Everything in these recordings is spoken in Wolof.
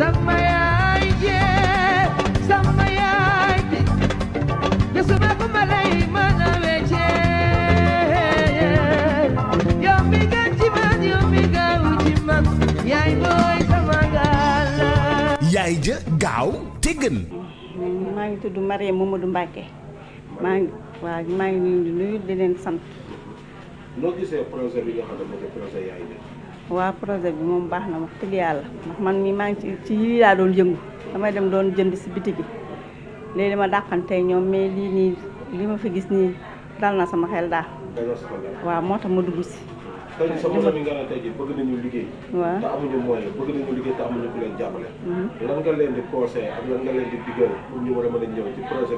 sama yaay jee sama yaay ji gisuma ku ma lay mën a weccee yow mi nga ci yow mi nga wu yaay booy sama gàlla yaay ja gaaw te gën maa ngi tudd Marie Mamadou Mbacke maa ngi waaw maa ngi leen nuyu di leen sant noo gisee projet bi nga xam ne mooy projet yaay ja waaw projet bi moom baax na ma dëgg yàlla man mi maa ngi ci ci yii laa doon yëngu damay dem doon jënd si bitigi léegi dama dàqantee ñoom mais lii nii lii ma fi gis nii dal na sama xel daal waaw moo tax ma dugg si leen jàppale mm-hmm. lan di a a ñëw ci projet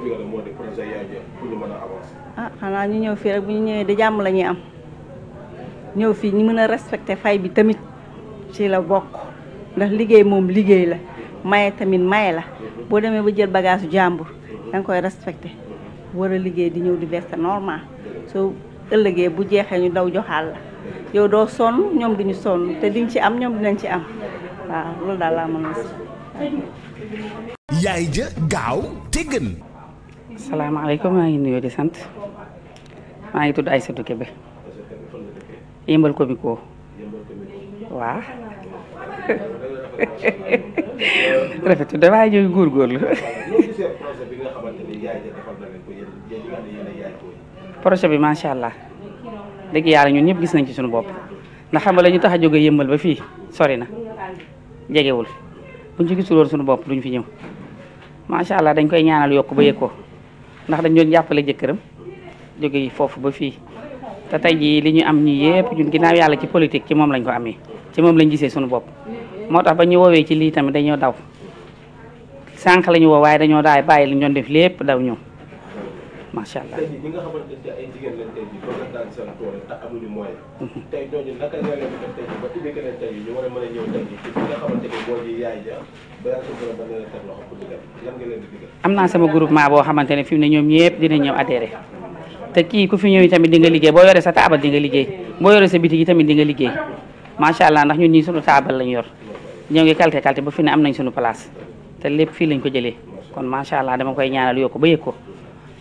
bi ah, ñëw fii rek bu ñu ñëwee di jàmm la ñuy am ñëw fii ñu mën a respecté fay bi tamit ci la bokk ndax liggéey moom liggéey la maye tamit maye la boo demee ba jël bagaasu jàmbur da nga koy respecté war a liggéey di ñëw di verser normal soo ëllëgee bu jeexee ñu daw joxaal la yow doo sonn ñoom duñu sonn te diñ ci am ñoom dinañ ci am waaw loolu daal laa mën a yaay ja gaaw te gën. maa ngi nuyoo di sant maa ngi tudd Aïssatou Kébé. yëmbal ko bi ko waaw rafetul da waaye ñooy góorgóorlu projet bi macha allah dëgg yàlla ñun ñëpp gis nañ ci suñu bopp ndax xam nga lañu tax a jóge yëmbal ba fii sori na jegewul buñ ci gisuloon suñu bopp duñ fi ñëw macha allah dañ koy ñaanal yokk ba yëg ko ndax dañ doon jàppale jëkkëram jóge foofu ba fii te tey jii li ñu am ñi yëpp ñun ginnaaw yàlla ci politique ci moom lañ ko amee ci moom lañ gisee sunu bopp moo tax ba ñu woowee ci lii tamit dañoo daw sànq la ñu woo waaye dañoo daay bàyyi li ñu doon def lépp daw mhm. ñëw macha am naa sama groupement boo xamante ne fi mu ne ñoom ñëpp dinañ ñëw adhéré te kii ku fi ñëw tamit di liggéey boo yoree sa taabal di nga liggéey boo yoree sa bitig yi tamit di liggéey macha allah ndax ñun ñii suñu taabal lañ yor ñoo ngi kalté ba fi ne am nañ suñu place te lépp fii lañ ko jëlee kon macha allah dama koy ñaanal yokk ba yëg ko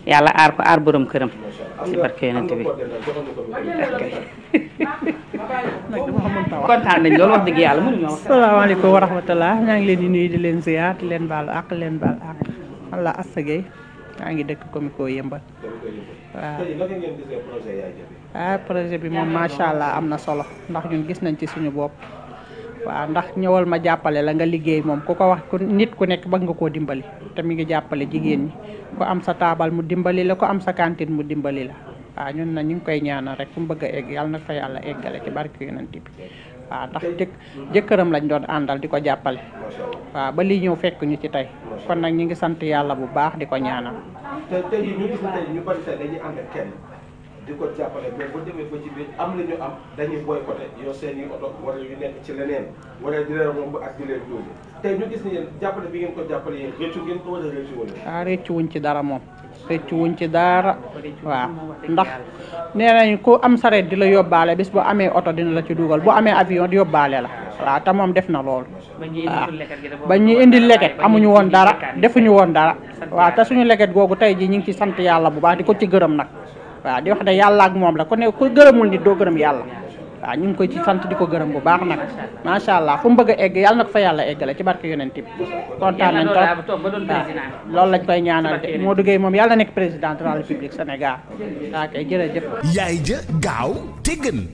yàlla aar ko aar borom këram si barke yonent bi kontaan nañ loolu wax dëgg yàlla mënuñoo wax. salaamaaleykum wa rahmatulah ñaa leen di nuyu di leen ziar leen baalu àq leen baal àq allah maa ngi dëkk comico yëmbal waaw ah, projet bi moom macha allah am na solo ndax ñun gis nañ ci suñu bopp waaw ndax ñëwal ma jàppale la nga liggéey moom ku ko wax ku nit ku nekk bëgg nga koo dimbali te mi ngi jàppale jigéen ñi ku am sa taabal mu dimbali la ku am sa cantine mu dimbali la waaw ñun na ñu ngi koy ñaanal rek fu mu bëgg egg yàlla na fa yàlla eggale ci barke na bi waaw tax jëkk jëkkëram lañ doon àndal di ko jàppale waaw ba lii ñëw fekk ñu ci tey kon nag ñu ngi sant yàlla bu baax di ko ñaanal tey ñu gis tey ñu di ko jàppale mais bu demee ba ci biir am la ñu leen romb ak di leen bi ngeen ko jàppale yéen réccu ah, wuñ ci dara moom rëccu wuñ ci dara waaw ndax nee nañ ku am sareet di la yóbbaale bis bu amee oto dina la ci dugal bu amee avion di yóbbaale la waaw te moom def na loolu waaw ba ñu indi leket amuñu woon dara defuñu woon dara waaw te suñu leket googu tey ji ñu ngi ci sant yàlla bu baax di ko ci gërëm nag waaw di wax ne yàlla moom la ku ne gërëmul nit doo gërëm yàlla waaw ñu ngi koy ci sant di ko gërëm bu baax nag macha allah fu mu bëgg a egg yàlla na ko fa yàlla eggale ci barke yonent bi kontaan nañ trop loolu lañ koy ñaanal de Modou Gueye moom yàlla nekk président de la République Sénégal waa kay jëf yaay jë gaaw te gën man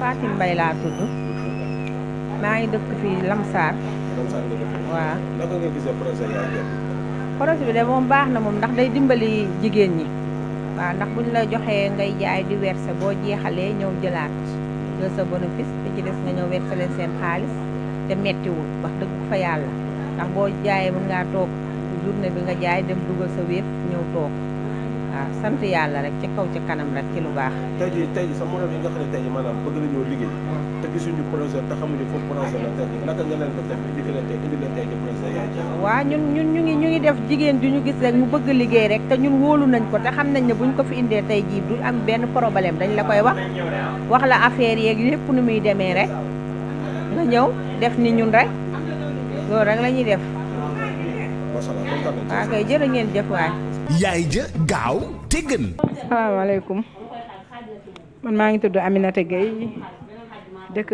Fatim Mbaye laa tudd maa ngi dëkk fii Lamsar waaw projet bi de moom baax na moom ndax day dimbali jigéen ñi waaw ndax buñ la joxee ngay jaay di werse boo jeexalee ñëw jëlaat jël sa bénéfice te ci des nga ñëw werse seen xaalis te mettiwul wax dëgg fa yàlla ndax boo jaayee mën ngaa toog journée bi nga jaay dem dugal sa wépp ñëw toog waaw sant yàlla rek ci kaw ci kanam rek ci lu baax. tey jii ñun ñun ñu ngi ñu ngi def jigéen du ñu gis rek mu bëgg liggéey rek te ñun wóolu nañ ko te xam nañ ne buñ ko fi indee tey jii du am benn problème dañ la koy wax wax la affaire yeeg lépp nu muy demee rek nga ñëw def ni ñun rek loolu rek la ñuy def. waaw kay jërë ngeen jëf waay yaay ja gaaw te gën. salaamaaleykum man maa ngi tudd Aminata Gueye dëkk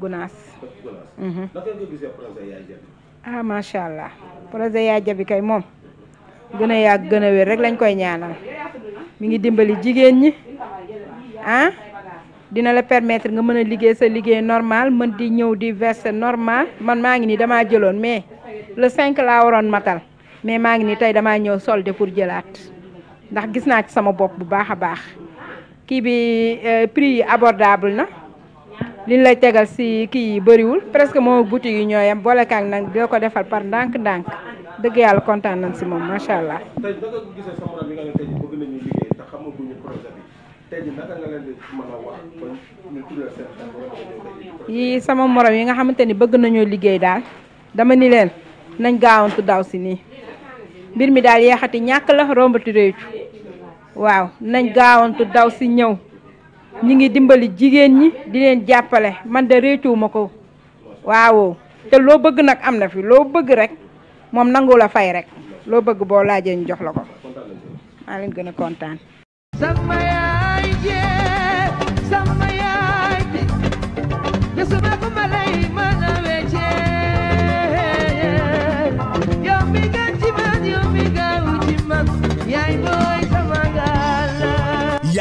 Gunaas. Mhm. ah macha allah projet yaay ja kay moom gën a yàgg gën a wér rek lañ koy ñaanal mu ngi dimbali jigéen ñi ah dina la permettre nga mën a liggéey sa liggéey normal man di ñëw di verser normal man maa ngi nii damaa jëloon mais le 5 laa waroon matal. mais maa ngi nii tey damaa ñëw solde pour jëlaat ndax gis naa ci sama bopp bu baax a baax kii bi euh, prix yi abordable na liñ lay tegal si kii yi bëriwul presque moo boutique yi ñooyam boole kaag nag ko defal par ndànk-ndànk dëgg yàlla kontaan nañ si moom macha allah. tey sama bi yii sama morom yi nga xamante ni bëgg nañoo liggéey daal dama ni leen nañ gaawantu daw si nii. mbir mi daal yeexati ñàkk la rombati réycu waaw nañ gaawantu daw si ñëw ñu ngi dimbali jigéen ñi di leen jàppale man de réccuwuma ko waaw te loo bëgg nag am na fi loo bëgg rekk moom nangu la fay rek loo bëgg boo laajee ñu jox la ko maa leen gën a kontaan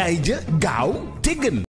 jaay ja gaaw te